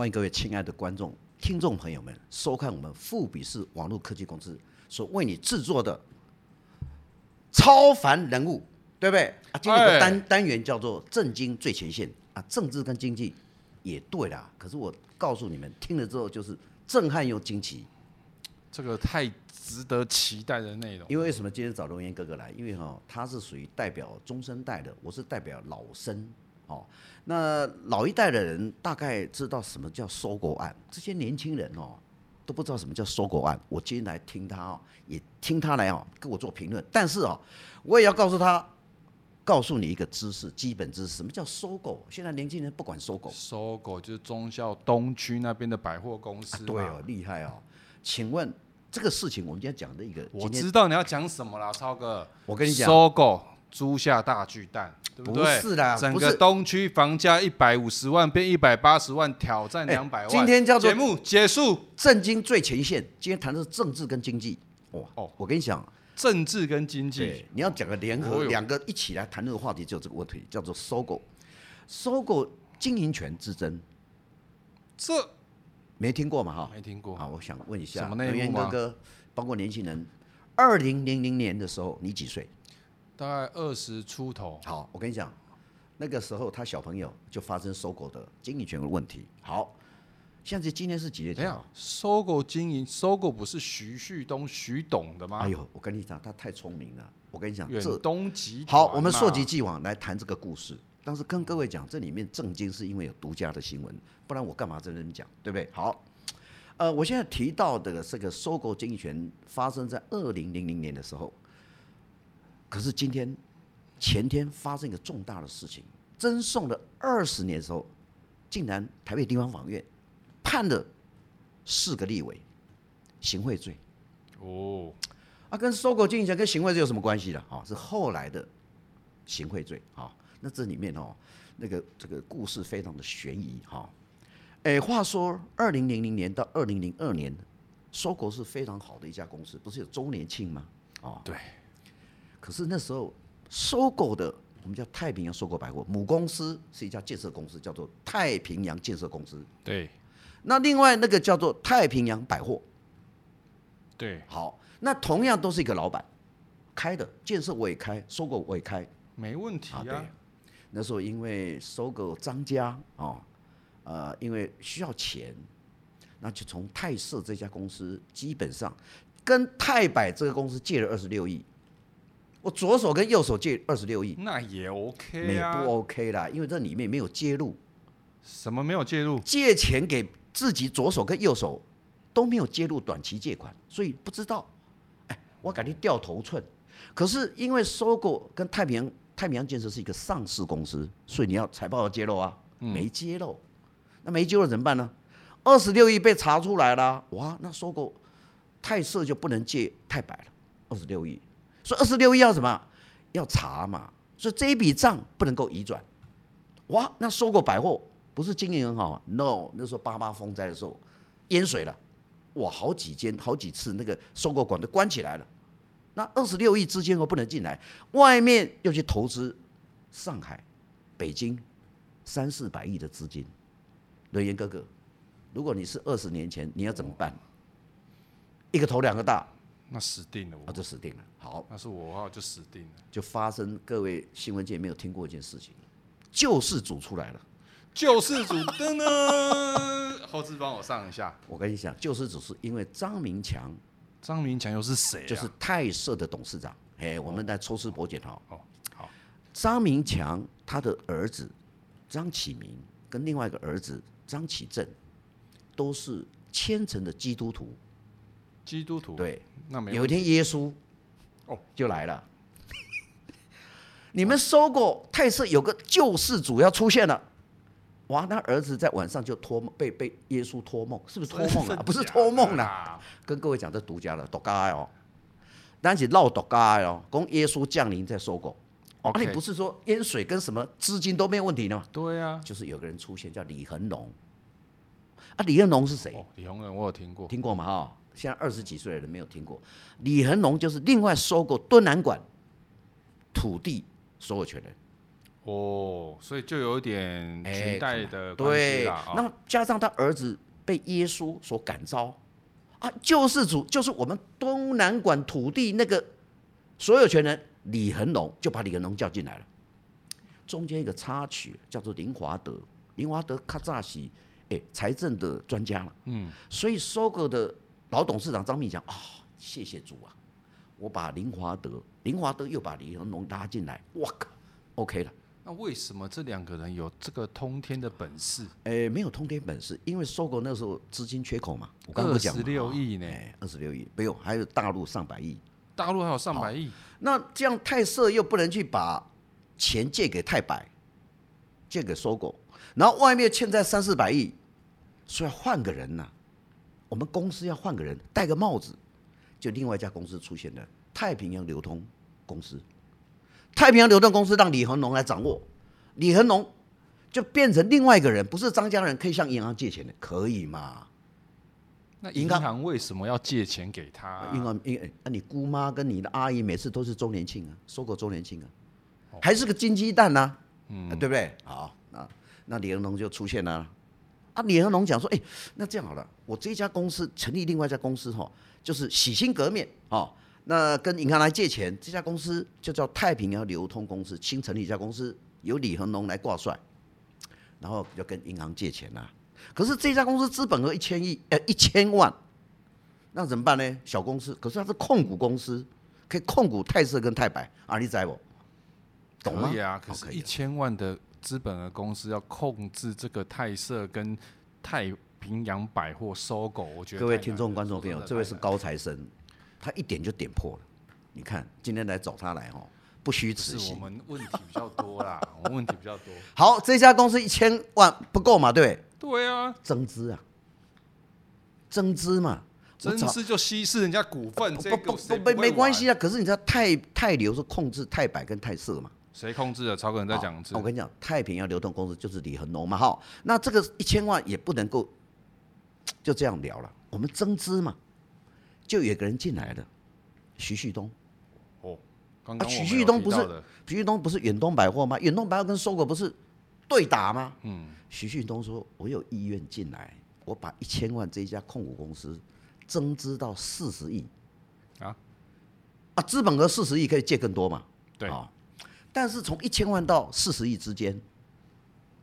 歡迎各位親愛的觀眾、聽眾朋友們收看我們富比士網絡科技公司所為你制作的超凡人物，對不對？啊，今天單、哎、單元叫做“政經最前線”啊，政治跟經濟也對啦。可是我告訴你們，聽了之後就是震撼又驚奇。這個太值得期待的內容。因為為什麼今天找龍岩哥哥來？因為哈、哦，他是屬於代表中生代的，我是代表老生。哦，那老一代的人大概知道什麼叫 SOGO 案，這些年輕人哦都不知道什麼叫 SOGO 案。我今天來聽他哦，也聽他來哦，跟我做評論。但是哦，我也要告訴他，告訴你一個知識，基本知識，什麼叫 SOGO？現在年輕人不管 SOGO，SOGO 就是忠孝東區那邊的百貨公司、啊，啊、對哦，厲害哦。請問這個事情，我們今天講的一個，我知道天你要講什麼了，超哥，我跟你講，SOGO 租下大巨蛋。不是啦，整個東區房價一百五十萬變一百八十萬，挑戰兩百萬、欸。今天叫做節目結束，政經最前線。束今天談的是政治跟經濟。哇，哦、我跟你講，政治跟經濟，你要講個聯合，兩、哎、呦個一起來談這個話題，就這個問題，叫做 SOGO，SOGO 經營權之爭。這沒聽過嘛？哈，沒聽過。好，我想問一下，劉元哥哥，包括年輕人，二零零零年的時候，你幾歲？大概二十出頭。好，我跟你講，那個時候他小朋友就發生 SOGO 的經營權的問題。好，現在今天是幾月？沒有 SOGO 經營，SOGO 不是徐旭東徐董的嗎？哎呦，我跟你講，他太聰明了。我跟你講，遠東集團這好，我們溯及既往來談這個故事。但是跟各位講，這裡面正經是因為有獨家的新聞，不然我干嘛在那邊講，對不對？好，呃，我現在提到的這個 SOGO 經營權發生在二零零零年的時候。可是今天、前天發生一個重大的事情，爭訟了二十年的時候，竟然台北地方法院判了四個立委行賄罪。哦，啊，跟 SOGO 經營權跟行賄罪有什麼關係的？哈、哦，是後來的行賄罪。哈、哦，那這裡面哦，那個這個故事非常的懸疑。哈、哦，哎、欸，話說二零零零年到二零零二年，SOGO 是非常好的一家公司，不是有周年慶嗎？啊、哦，對。可是那時候 SOGO 的，我們叫太平洋 SOGO 百貨，母公司是一家建設公司，叫做太平洋建設公司。對，那另外那個叫做太平洋百貨。對，好，那同樣都是一個老闆開的，建設我也開，SOGO 我也開，沒問題啊，啊對。那時候因為 SOGO 章家啊、哦，呃，因為需要錢，那就從太設這家公司基本上跟太百這個公司借了二十六億。我左手跟右手借二十六億，那也 OK，你、啊、不 OK 啦，因為這裡面沒有揭露，什麼沒有揭露借錢給自己左手跟右手都沒有揭露短期借款，所以不知道。哎，我感覺掉頭寸。嗯、可是因為 SOGO 跟太平洋太平洋建設是一個上市公司，所以你要財報要揭露啊，嗯、沒揭露，那沒揭露怎麼辦呢？二十六億被查出來了，哇，那 SOGO 太色就不能借太白了，二十六億。說二十六億要什麼？要查嘛！所以這一筆賬不能夠移轉。哇，那收購百貨不是經營很好嗎？No，那時候八八風災的時候淹水了，哇，好幾間好幾次那個收購館都關起來了。那二十六億資金我不能進來，外面又去投資上海、北京三四百億的資金。雷嚴哥哥，如果你是二十年前，你要怎麼辦？一個頭兩個大。那死定了！我就死定了。好，那是我就死定了。就發生各位新聞界沒有聽過一件事情，救世主出來了，救世主等等。噔 後置幫我上一下。我跟你講，救世主是因為章民強。章民強又是誰啊？就是太設的董事長。誒，我們來抽絲剝繭哦。哦，好。章民強他的兒子章啟明跟另外一個兒子章啟正，都是虔誠的基督徒。基督徒對，那有一天耶穌哦就來了。哦、 你們 SOGO 泰瑟有個救世主要出現了，哇！他兒子在晚上就托夢被被耶穌托夢，是不是托夢啊？是啊，不是托夢啦，跟各位講這獨家，家的獨、喔、家哦、喔，但是繞獨家哦，講耶穌降臨在 SOGO，那、啊、你不是說淹水跟什麼資金都沒有問題的嘛？對呀、啊，就是有個人出現叫李恆隆，啊李龍、哦，李恆隆是誰？李恆隆我有聽過，聽過嗎？哈。現在二十幾歲的人沒有聽過，李恆隆就是另外收購敦南館土地所有權人，哦，所以就有一點裙帶的關係。哎哦、那加上他兒子被耶穌所感召，啊，救世主就是我們敦南館土地那個所有權人李恆隆，就把李恆隆叫進來了。中間一個插曲叫做林華德，林華德卡扎西，哎，財政的專家了。嗯，所以收購的。老董事長章民強啊，謝謝主啊，我把林華德，林華德又把李恆隆拉進來，我靠，OK 了。那為什麼這兩個人有這個通天的本事？哎、欸，沒有通天本事，因為 SOGO 那時候資金缺口嘛。我剛剛不講嘛，二十六億呢，二十六億沒有，還有大陸上百億，大陸還有上百億。那這樣太設又不能去把錢借給太百，借給 SOGO，然後外面欠債三四百億，說要換個人呢、啊。我們公司要換個人戴個帽子，就另外一家公司出現了太平洋流通公司，太平洋流通公司讓李恆隆來掌握，嗯、李恆隆就變成另外一個人，不是張家人可以向銀行借錢的，可以嗎？那銀行為什麼要借錢給他？銀行，那、哎、你姑媽跟你的阿姨每次都是周年慶啊，收過周年慶啊，還是個金雞蛋呢、啊嗯啊，對不對？好，啊，那李恆隆就出現了。李恆龍講說：“哎、欸，那這樣好了，我這一家公司成立另外一家公司吼，就是洗心革面哦。那跟銀行來借錢，這家公司就叫太平洋流通公司，新成立一家公司，由李恆龍來掛帥，然後就跟銀行借錢吶。可是這家公司資本額一千億，呃、欸，一千萬，那怎麼辦呢？小公司，可是它是控股公司，可以控股太設跟太百，而、啊、你在不？懂嗎？可以、啊、可是一千萬的。”資本的公司要控制這個太設跟太平洋百貨收購，我覺得各位聽眾觀眾朋友，這位是高材生，他一點就點破了。欸、你看今天來找他來哦，不虛此行。我們問題比較多啦， 我們問題比較多。好，這家公司一千萬不夠嘛，對不對啊？啊，增資啊，增資嘛，增資就稀釋人家股份，這個、啊、不不沒沒關係啊。可是你知道太、太流是控制太百跟太設嘛？誰控制的？超哥你在講。我、哦、我跟你講，太平洋流通公司就是李恆隆嘛，哈。那這個一千萬也不能夠就這樣聊了。我們增資嘛，就有一個人進來了，徐旭東。哦，剛剛、啊、徐旭東不是徐旭東不是遠東百貨嗎？遠東百貨跟 SOGO 不是對打嗎？嗯、徐旭東說：“我有意願進來，我把一千萬這一家控股公司增資到四十億啊啊，資、啊、本額四十億可以借更多嘛？對啊。”但是從一千萬到四十億之間，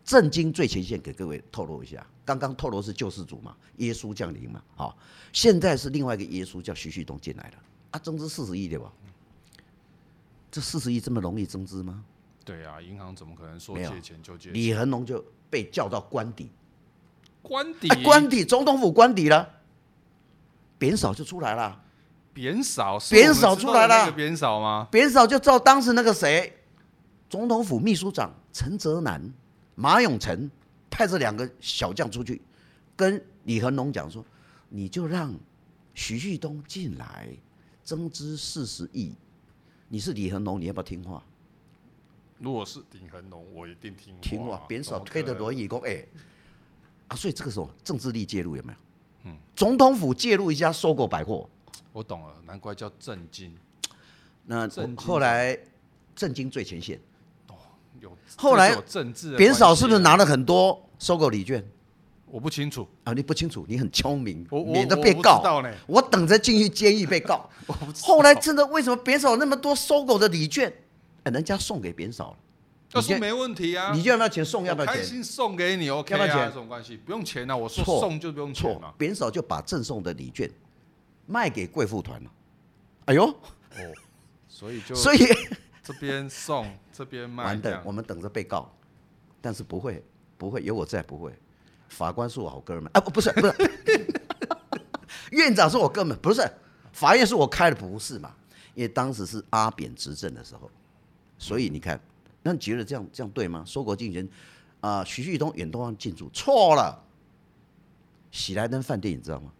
政經最前線給各位透露一下，剛剛透露是救世主嘛，耶穌降臨嘛，好、哦，現在是另外一個耶穌叫徐旭東進來了，啊，增資四十億對吧？這四十億這麼容易增資嗎？對啊，銀行怎麼可能說借錢就借錢？李恆隆就被叫到官邸，官邸、哎，官邸，總統府官邸了，扁嫂就出來了，扁嫂，是扁嫂出來了，扁嫂嗎？扁嫂就照當時那個誰。總統府祕書長陳哲男、馬永成派這兩個小將出去，跟李恆龍講說：“你就讓徐旭東進來增資四十億。”你是李恆龍，你要不要聽話？如果是李恆龍，我一定聽話。聽話，扁手推的輪椅工，哎得、欸，啊，所以這個時候政治力介入有沒有？嗯、總統府介入一家收購百貨，我懂了，難怪叫政經。那經後來政經最前線。後來扁嫂是不是拿了很多 SOGO 禮券？我不清楚啊，你不清楚，你很聰明，免得被告。我等着進去監獄被告。我不知道。後來真的為什麼扁嫂有那麼多 SOGO 的禮券？哎，人家送給扁嫂了，錢沒問題啊。你就券那錢送要不要錢？開心送給你，OK 啊，有什麼關係？不用錢啊，我說送就不用錢了。扁嫂就把贈送的禮券賣給貴婦團了。哎呦，哦，所以就所以。這邊送，這邊賣。完了，我們等着被告，但是不會，不會，有我在不會。法官是我好哥們啊，不是不是， 院長是我哥們，不是，法院是我開的，不是嘛？因為當時是阿扁執政的時候，所以你看，嗯、那你覺得這樣這樣對嗎？SOGO 進行，啊、呃，徐旭東遠東方進駐錯了。喜來登飯店你知道嗎？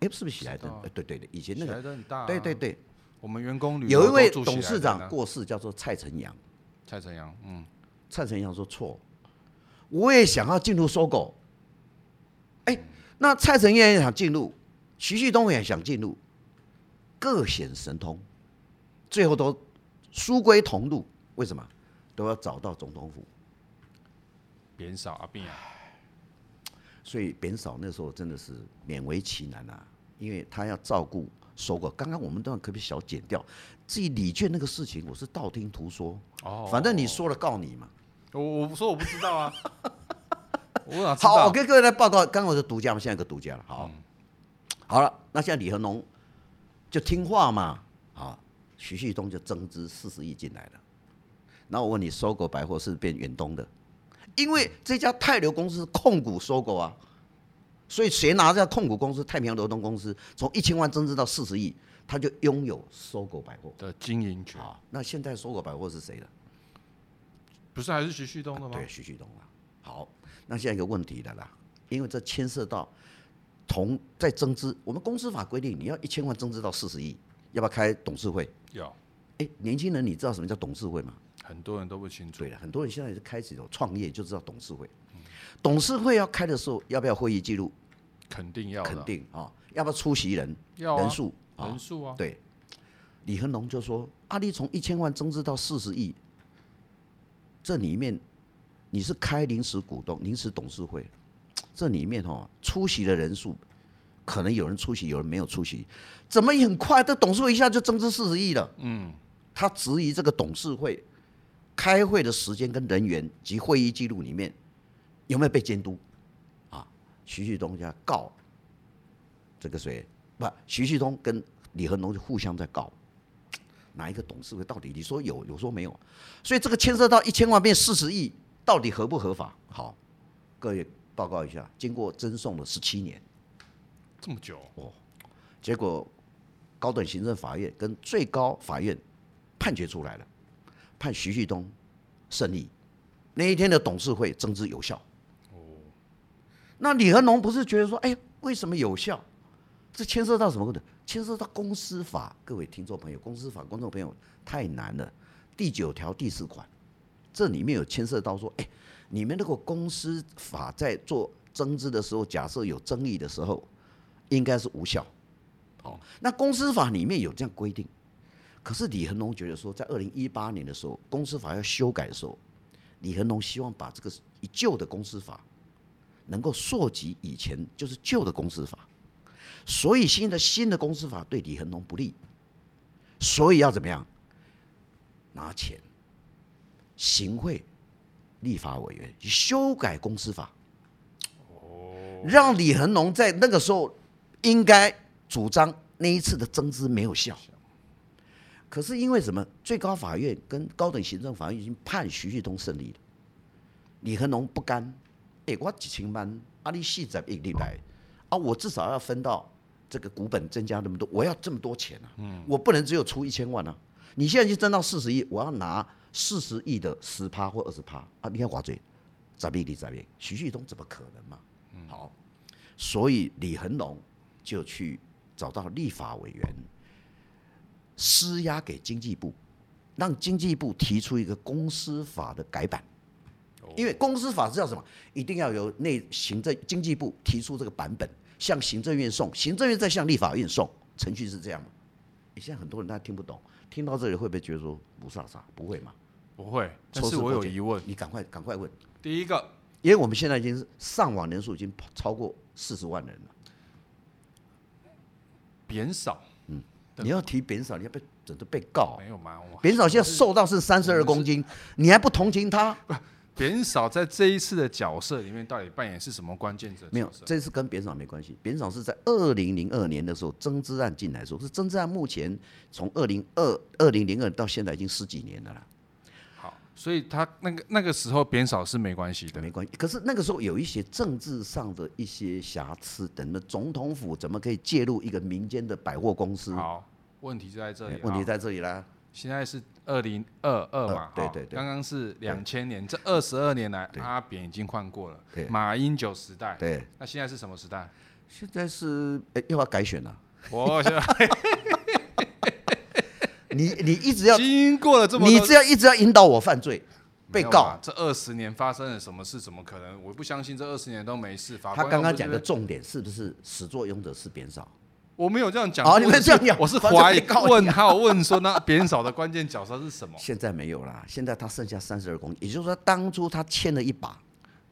哎、欸，是不是喜來登、欸？對對對，以前那個。啊、對對對。我們員工旅遊，有一位董事長過世，叫做蔡成陽。蔡成陽，嗯，蔡成陽說錯，我也想要進入 SOGO、欸。哎、嗯，那蔡成陽也想進入，徐旭東也想進入，各顯神通，最後都殊歸同路。為什麼都要找到總統府？扁嫂阿扁啊，所以扁嫂那時候真的是勉為其難啊，因為他要照顧。SOGO，剛剛我們那段可不可以小剪掉？至於禮券那個事情，我是道聽途說哦。反正你說了告你嘛，哦、我我不說我不知道啊。 我哪知道、啊？好，我、OK, 跟各位來報告，剛剛我是獨家嘛，現在一個獨家了。好，嗯、好了，那現在李恆隆就聽話嘛。啊徐旭東就增資四十億進來了。那我問你，SOGO 百貨是不是變遠東的？因為這家太流公司控股 SOGO 啊。所以誰拿著控股公司太平洋流通公司，從一千萬增資到四十億，他就擁有 SOGO 百貨的經營權。好那現在 SOGO 百貨是誰的？不是還是徐旭東的嗎？啊、對、啊，徐旭東啊。好，那現在一個問題了啦，因為這牽涉到同在增資，我們公司法規定你要一千萬增資到四十億，要不要開董事會？要有。哎、欸，年輕人，你知道什麼叫董事會嗎？很多人都不清楚。對，很多人現在開始有創業就知道董事會。嗯、董事會要開的時候，要不要會議記錄？肯定要，肯定啊、哦，要不要出席人、人數，人數啊。哦、數啊對，李恆龍就說：阿里從一千萬增資到四十億，這裡面你是開臨時股東，臨時董事會，這裡面哈、哦、出席的人數，可能有人出席，有人沒有出席，怎麼也很快？這董事會一下就增資四十億了。嗯，他質疑這個董事會開會的時間跟人員及會議記錄裡面有沒有被監督。徐旭東就要告這個誰不？徐旭東跟李恆隆就互相在告，哪一個董事會到底？你說有，有說沒有？所以這個牽涉到一千萬變四十億，到底合不合法？好，各位報告一下，經過爭訟了十七年，這麼久哦，哦，結果高等行政法院跟最高法院判決出來了，判徐旭東勝利，那一天的董事會增資有效。那李恆龍不是覺得說，哎、欸，為什麼有效？這牽涉到什麼規則？牽涉到公司法。各位聽眾朋友，公司法，聽眾朋友太難了。第九條第四款，這裡面有牽涉到說，哎、欸，你們那個公司法在做增資的時候，假設有爭議的時候，應該是無效。好，那公司法裡面有這樣規定。可是李恆龍覺得說，在二零一八年的時候，公司法要修改的時候，李恆龍希望把這個舊的公司法能夠溯及以前，就是舊的公司法，所以新的新的公司法對李恆龍不利，所以要怎麼樣？拿錢，行賄立法委員，修改公司法，哦，讓李恆龍在那個時候應該主張那一次的增資沒有效，可是因為什麼？最高法院跟高等行政法院已經判徐旭東勝利了，李恆龍不甘。哎、欸，我幾千萬阿里系在一百啊，我至少要分到這個股本增加那麼多，我要這麼多錢啊！嗯、我不能只有出一千萬啊！你現在就增到四十億，我要拿四十億的十趴或二十趴啊！你看我最，咋辦？咋辦？徐旭東怎麼可能嘛？嗯、好，所以李恆隆就去找到立法委員，施壓給經濟部，讓經濟部提出一個公司法的改版。因為公司法是叫什麼？一定要由內行政經濟部提出這個版本，向行政院送，行政院再向立法院送，程序是這樣嗎？現在很多人他聽不懂，聽到這裡會不會覺得說不傻傻？不會嗎？不會。不但是我有疑問，你趕快趕快問。第一個，因為我們現在已經是上網人數已經超過四十萬人了，扁嫂掃，嗯，對 你要提扁嫂，你要被整個被告。沒有，扁嫂現在瘦到是三十二公斤，你還不同情他？扁嫂在這一次的角色裡面，到底扮演是什麼關鍵者的？沒有，這次跟扁嫂沒關係。扁嫂是在二零零二年的時候，增資案進來說，說是增資案。目前從二零二二零零二到現在已經十幾年了啦。好，所以他那個那個時候扁嫂是沒關係的，沒關係。可是那個時候有一些政治上的一些瑕疵，等著總統府怎麼可以介入一個民間的百貨公司？好，問題就在這裡啊。問題在這裡啦。現在是。二零二二嘛，對對對，剛剛是兩千年，這二十二年來，阿扁已經換過了，馬英九時代，對，那現在是什麼時代？現在是，哎，又要改選了。我，你你一直要經過了這麼，你這樣一直要引導我犯罪，被告，這二十年發生了什麼事？怎麼可能？我不相信這二十年都沒事發生。他剛剛講的重點是不是始作俑者是扁少？我沒有這樣講，我是懷疑問，他我、啊、問，問說，那扁嫂的關鍵角色是什麼？現在沒有啦，現在他剩下三十二公，也就是說當初他簽了一把，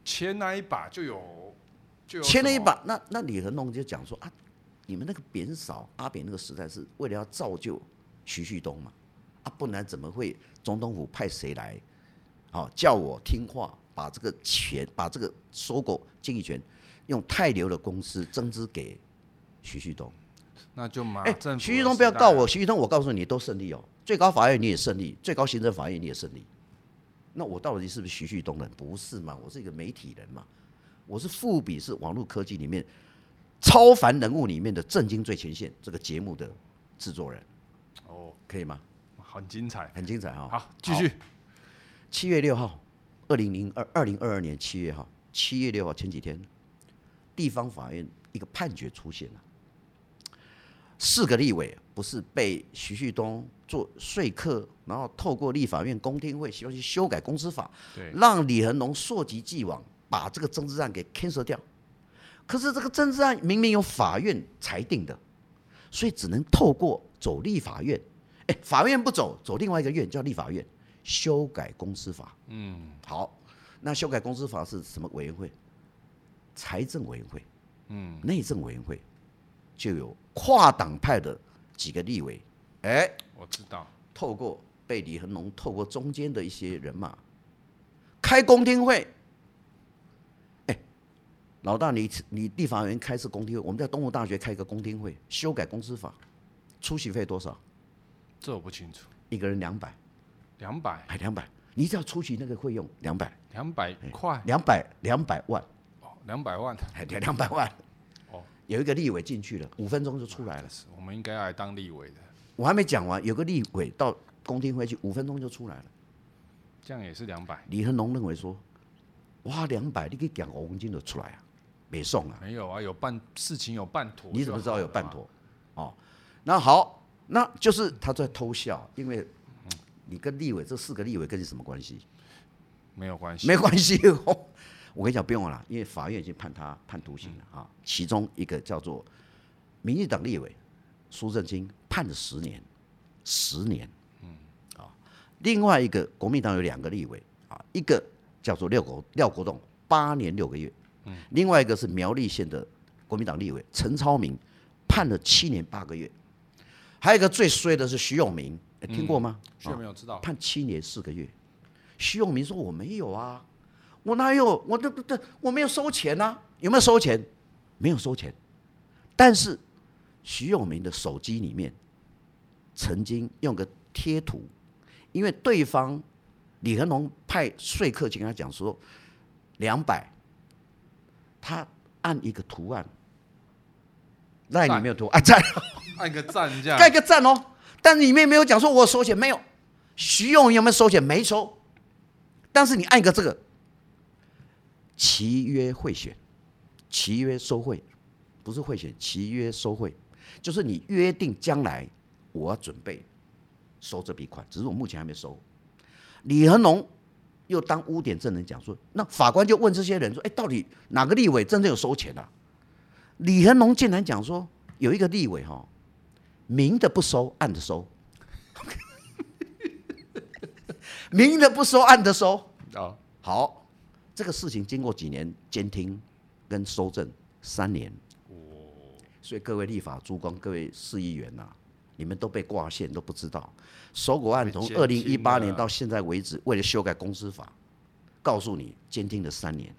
簽那一把就有，就簽了一把，那那李恆隆就講說啊，你們那個扁嫂阿扁那個時代是為了要造就徐旭東嘛？啊，不然怎麼會總統府派誰來？好、哦，叫我聽話，把這個錢，把這個收購經營權，用泰流的公司增資給徐旭東。那就嘛，欸、徐旭東不要告我，徐旭東，我告訴你，你都勝利哦，最高法院你也勝利，最高行政法院你也勝利，那我到底是不是徐旭東呢？不是嘛，我是一個媒體人嘛，我是富比士網絡科技裡面超凡人物裡面的政經最前線這個節目的制作人。哦，oh, 可以嗎？很精彩，很精彩哈、哦。好，繼續。七月六號，二零零二二零二二年七月哈，七月六號前幾天，地方法院一個判決出現了。四個立委不是被徐旭東做說客，然後透過立法院公聽會，希望去修改公司法，對，讓李恆隆溯及既往把這個政治案給 cancel 掉。可是這個政治案明明由法院裁定的，所以只能透過走立法院，哎，法院不走，走另外一個院叫立法院，修改公司法。嗯，好，那修改公司法是什麼委員會？財政委員會，嗯，內政委員會。就有跨黨派的幾個立委，哎、欸，我知道。透過被李恆隆透過中間的一些人馬，開公聽會。哎、欸，老大你，你你地方人開次公聽會，我們在東吳大學開一個公聽會，修改公司法，出席費多少？這我不清楚。一個人兩百。兩百。還兩百？你只要出席那個費用？兩百。兩百塊。兩百兩百萬。哦，兩百萬。還兩兩百萬。對有一個立委進去了，五分鐘就出來了。我們應該來當立委的。我還沒講完，有個立委到公聽會去，五分鐘就出來了，這樣也是兩百。李恆龍認為說，哇，兩百，你可以講五公斤就出來啊，別送啊。沒有啊，有辦事情有辦妥。你怎麼知道有辦妥？哦，那好，那就是他在偷笑，因為你跟立委這四個立委跟你什麼關係、嗯？沒有關係。沒關係哦。呵呵我跟你講，不用了，因為法院已經判他判徒刑了啊、嗯哦。其中一個叫做民進黨立委蘇震清判了十年，十年。嗯。啊、哦，另外一個國民黨有兩個立委啊、哦，一個叫做廖國廖國棟八年六個月，嗯、另外一個是苗栗縣的國民黨立委陳超明判了七年八個月，還有一個最衰的是徐永明，欸嗯、聽過嗎？徐永明我知道判七年四個月，徐永明說我沒有啊。我哪有？我這這這我沒有收錢吶、啊，有沒有收錢？沒有收錢。但是徐永明的手機裡面曾經用個貼圖，因為對方李恆隆派說客去跟他講說兩百，200，他按一個圖案，賴你讚沒有圖案啊，讚、哦，按個讚這樣，蓋個讚哦。但裡面沒有講說我收錢沒有，徐永明有沒有收錢？沒收。但是你按一個這個。期約賄選，期約收賄，不是賄選，期約收賄，就是你約定將來我要準備收這筆款，只是我目前還沒收。李恆隆又當污點證人講說，那法官就問這些人說，哎、欸，到底哪個立委真的有收錢的、啊？李恆隆竟然講說，有一個立委哈，明的不收，暗的收， 明的不收，暗的收啊，oh. 好。這個事情經過幾年監聽跟收證三年，哦、所以各位立法諸公，各位市議員吶、啊，你們都被掛線都不知道。SOGO 案從二零一八年到現在為止，為了修改公司法，告訴你監聽了三年。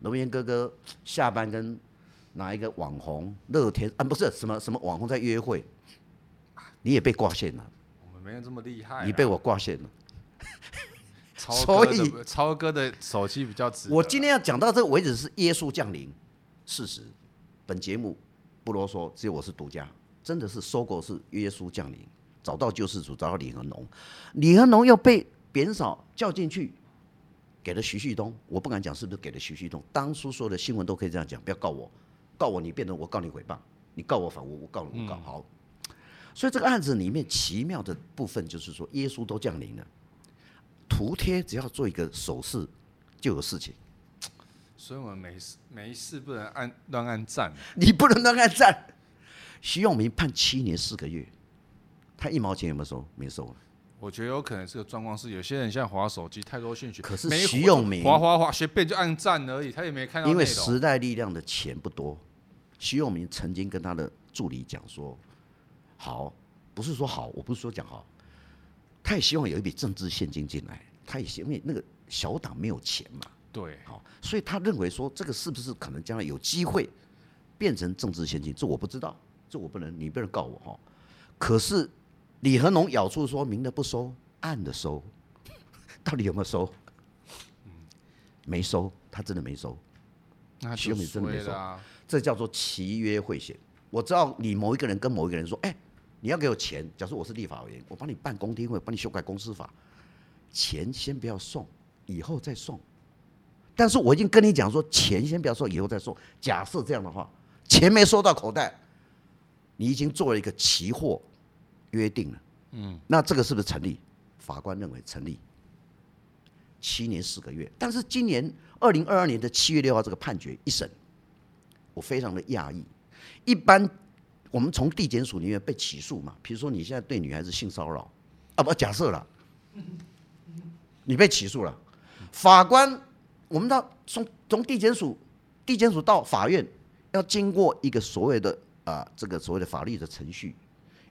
龍岩哥哥下班跟哪一個網紅樂天啊？不是什麼什麼網紅在約會，你也被掛線了。我們沒有這麼厲害。你被我掛線了。 所以超哥的手機比較遲。我今天要講到這個為止是耶穌降臨，事實，本節目不囉嗦，只有我是獨家，真的是 SOGO 是耶穌降臨，找到救世主，找到李恆隆，李恆隆又被扁嫂叫進去，給了徐旭東，我不敢講是不是給了徐旭東，當初所有的新聞都可以這樣講，不要告我，告我你變成我告你誹謗，你告我反誣我告你誣告、嗯、好，所以這個案子裡面奇妙的部分就是說耶穌都降臨了。服帖，只要做一個手勢，就有事情。所以，我們沒事沒事不能按亂按讚。你不能亂按讚。徐永明判七年四個月，他一毛錢也沒有收？沒收。我覺得有可能這個狀況是有些人像滑手機太多興趣。可是徐永明滑滑滑隨便就按讚而已，他也沒看到內容。因為時代力量的錢不多，徐永明曾經跟他的助理講說：“好，不是說好，我不是說講好。”他也希望有一筆政治獻金進來，他也希望，因為那個小黨沒有錢嘛，對，好、哦，所以他認為說這個是不是可能將來有機會變成政治獻金？這我不知道，這我不能，你不能告我哈、哦。可是李恆農咬住說明的不收，暗的收，到底有沒有收？沒收，他真的沒收。嗯、希望你真的沒收，啊、這叫做契約賄選。我知道你某一個人跟某一個人說，哎、欸。你要給我錢，假如我是立法委員，我幫你辦公廳，我幫你修改公司法，錢先不要送，以後再送。但是我已經跟你講說，錢先不要送，以後再送。假設這樣的話，錢沒收到口袋，你已經做了一個期貨約定了。嗯，那這個是不是成立？法官認為成立，七年四個月。但是今年二零二二年的七月六號這個判決一審，我非常的訝異。一般。我們從地檢署裡面被起訴嘛，比如說你現在對女孩子性騷擾，啊不，假設了，你被起訴了，法官，我們到從從地檢署，地檢署到法院，要經過一個所謂的啊、呃、這個所謂的法律的程序，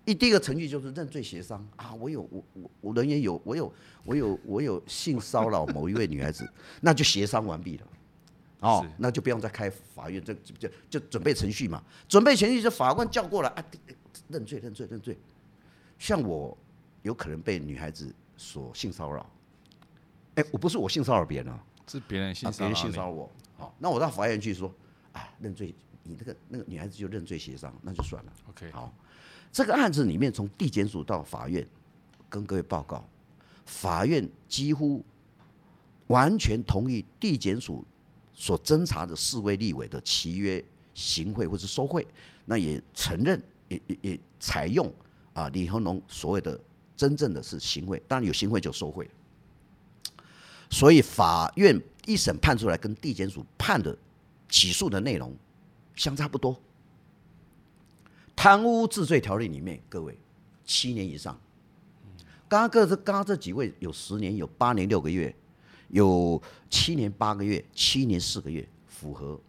一第一個程序就是認罪協商啊，我有我我我人員有我有我有我有性騷擾某一位女孩子， 那就協商完畢了。哦，oh, 是那就不用再開法院，就這就，就，就準備程序嘛。準備程序就法官叫過來啊，認罪認罪認罪。像我有可能被女孩子所性騷擾，哎、欸，我不是我性騷擾別人，啊，是別人性騷擾別人性騷擾我。好，那我到法院去說，哎、啊，認罪，你那個那個女孩子就認罪協商，那就算了。OK，好，這個案子裡面從地檢署到法院跟各位報告，法院幾乎完全同意地檢署。所偵查的四位立委的期約行賄或是收賄，那也承認也也採用啊、呃、李恆隆所謂的真正的是行賄，當然有行賄就收賄。所以法院一審判出來跟地檢署判的起訴的內容相差不多。貪污治罪條例裡面，各位七年以上，剛剛這剛這幾位有十年，有八年六個月。有七年八個月，七年四個月，符合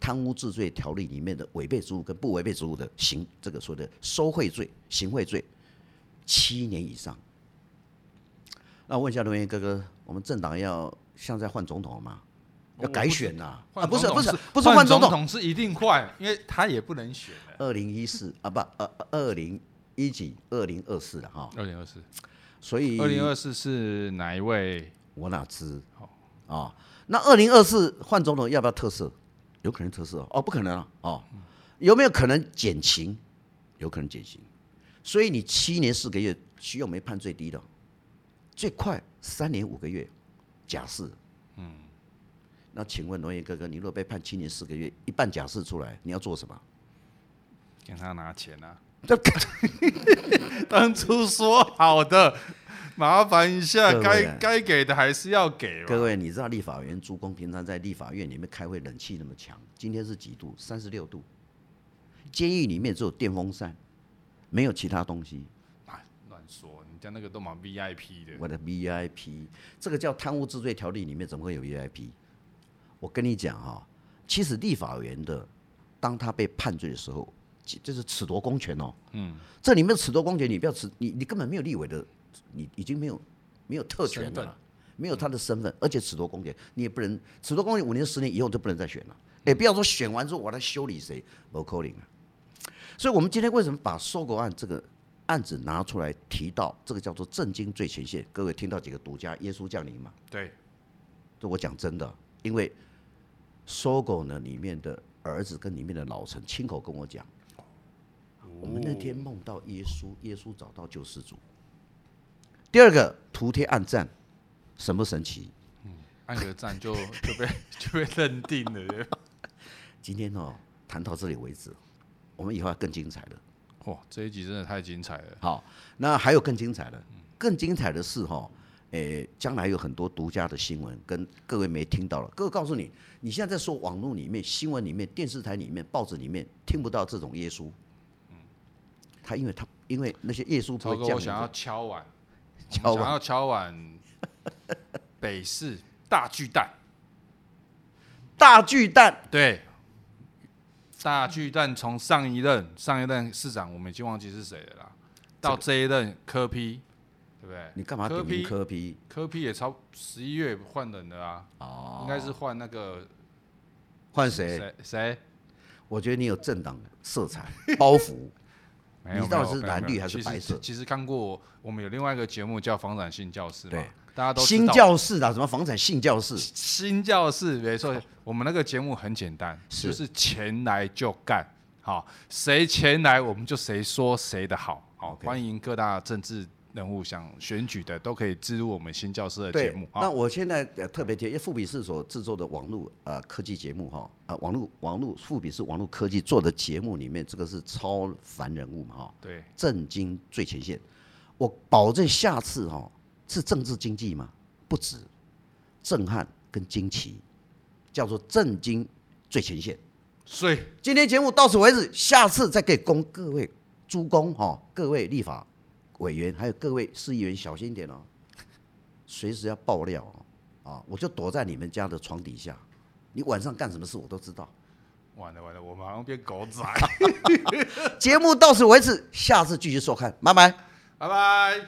貪污治罪條例裡面的違背職務跟不違背職務的刑，這個說的收賄罪、行賄罪，七年以上。那我問一下龍岩哥哥，我們政黨要現在換總統了嗎？我要改選吶、啊啊？不是不是不是換總統是一定換，因為他也不能選 2014,、啊不啊。二零一四啊，不二二零一幾二零二四了哈。二零二四，所以二零二四是哪一位？我哪知？哦，啊、哦，那二零二四換總統要不要特赦？有可能特赦哦，不可能、啊、哦，有沒有可能減刑？有可能減刑，所以你七年四個月，徐永梅判最低的，最快三年五個月假，假釋。嗯，那請問農業哥哥，你若被判七年四個月，一半假釋出來，你要做什麼？跟他拿錢啊。 當初說好的，麻煩一下，該該位給的還是要給。各位，你知道立法院諸公平常在立法院裡面開會，冷氣那麼強，今天是幾度？三十六度。監獄裡面只有電風扇，沒有其他東西。哎，亂說，你家那個都蠻 VIP 的。我的 VIP，這個叫貪污治罪條例裡面怎麼會有 VIP？我跟你講啊、哦、其實立法院的，當他被判罪的時候。這是褫奪公權哦，嗯，這裡面的褫奪公權，你不要褫，你你根本沒有立委的，你已經沒有沒有特權了，沒有他的身份，而且褫奪公權，你也不能褫奪公權五年、十年以後就不能再選了，哎，不要說選完之後我來修理誰，某扣零啊。所以，我們今天為什麼把 SOGO 案這個案子拿出來提到？這個叫做政經最前線，各位聽到幾個獨家？耶穌降臨嘛？對，這我講真的，因為 SOGO 呢裡面的兒子跟裡面的老臣親口跟我講。我們那天夢到耶穌，耶穌找到救世主。第二個圖貼按讚，神不神奇？嗯、按個讚就 就被就被認定了。今天哦、喔，談到這裡為止，我們以後要更精彩了。哇，這一集真的太精彩了。好，那還有更精彩的，更精彩的是哈、喔，哎、欸，將來有很多獨家的新聞跟各位沒聽到了。各位告訴你，你現在在說網絡裡面、新聞裡面、電視台裡面、報紙裡面聽不到這種耶穌。他因為他因為那些業數超哥，我想要敲碗，敲完 我想要敲碗 北市大巨蛋，大巨蛋對，大巨蛋從上一任上一任市長我們已經忘記是誰了到這一任柯 P、這個、對不對？你幹嘛？柯 P 柯 P 柯 P 也超十一月換人了啊，哦，應該是換那個換誰？誰誰？誰誰我覺得你有政黨色彩包袱。 你到底是藍綠還是白色？其實，其實看過，我們有另外一個節目叫《房產性教室對新教室》嘛，大家都知道，新教室啊，什麼房產性教室新教室？新教室沒錯，我們那個節目很簡單，是就是錢來就幹，好、哦，誰錢來我們就誰說誰的好，好、哦、Okay. 歡迎各大政治。人物想選舉的都可以進入我們新教師的節目。那我現在特別提，嗯、因為富比士所制作的網絡呃科技節目哈，呃網絡網絡富比士網絡科技做的節目裡面，這個是超凡人物哈，對，震驚最前線，我保證下次哈、喔、是政治經濟嘛，不止震撼跟驚奇，叫做震驚最前線。所以今天節目到此為止，下次再給供各位諸公哈、喔，各位立法。委員還有各位市議員，小心一點哦，隨時要爆料哦，啊，我就躲在你們家的床底下，你晚上幹什麼事我都知道。完了完了，我們好像變狗仔。 節目到此為止，下次繼續收看，拜拜，拜拜。